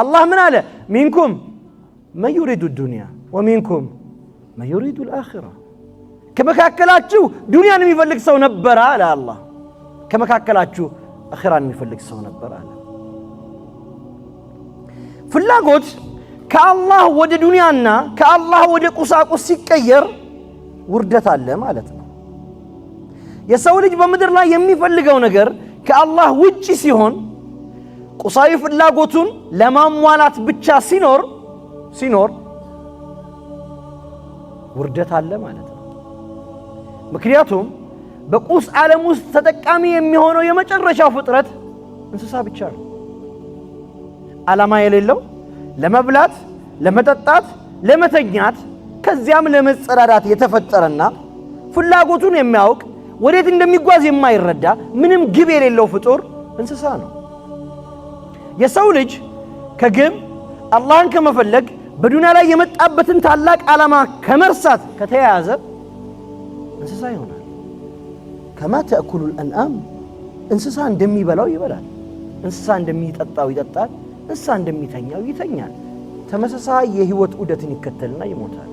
አላህ ምን አለ? ሚንኩም መን ዩሪዱ ዱንያ ወሚንኩም መን ዩሪዱ ልአኺራ። ከመካከላችሁ ዱንያን የሚፈልግ ሰው ነበረ አለ አላህ። ከመካከላችሁ አኺራን የሚፈልግ ሰው ነበር አለ። ፍላጎት ከአላህ ወደ ዱንያና ከአላህ ወደ ቁሳቁስ ሲቀየር ውርደት አለ ማለት ነው። የሰው ልጅ በምድር ላይ የሚፈልገው ነገር ከአላህ ውጪ ሲሆን ቁሳዊ ፍላጎቱን ለማሟላት ብቻ ሲኖር ሲኖር ውርደት አለ ማለት ነው። ምክንያቱም በቁስ ዓለም ውስጥ ተጠቃሚ የሚሆነው የመጨረሻው ፍጥረት እንስሳ ብቻ ነው። ዓላማ የሌለው ለመብላት፣ ለመጠጣት፣ ለመተኛት ከዚያም ለመጸዳዳት የተፈጠረና ፍላጎቱን የሚያውቅ ወዴት እንደሚጓዝ የማይረዳ ምንም ግብ የሌለው ፍጡር እንስሳ ነው። የሰው ልጅ ከግብ አላህን ከመፈለግ በዱንያ ላይ የመጣበትን ታላቅ ዓላማ ከመርሳት ከተያያዘ እንስሳ ይሆናል። ከማ ተእኩሉ ልአንአም እንስሳ እንደሚበላው ይበላል። እንስሳ እንደሚጠጣው ይጠጣል። እንስሳ እንደሚተኛው ይተኛል። ተመሳሳይ የህይወት ዑደትን ይከተልና ይሞታል።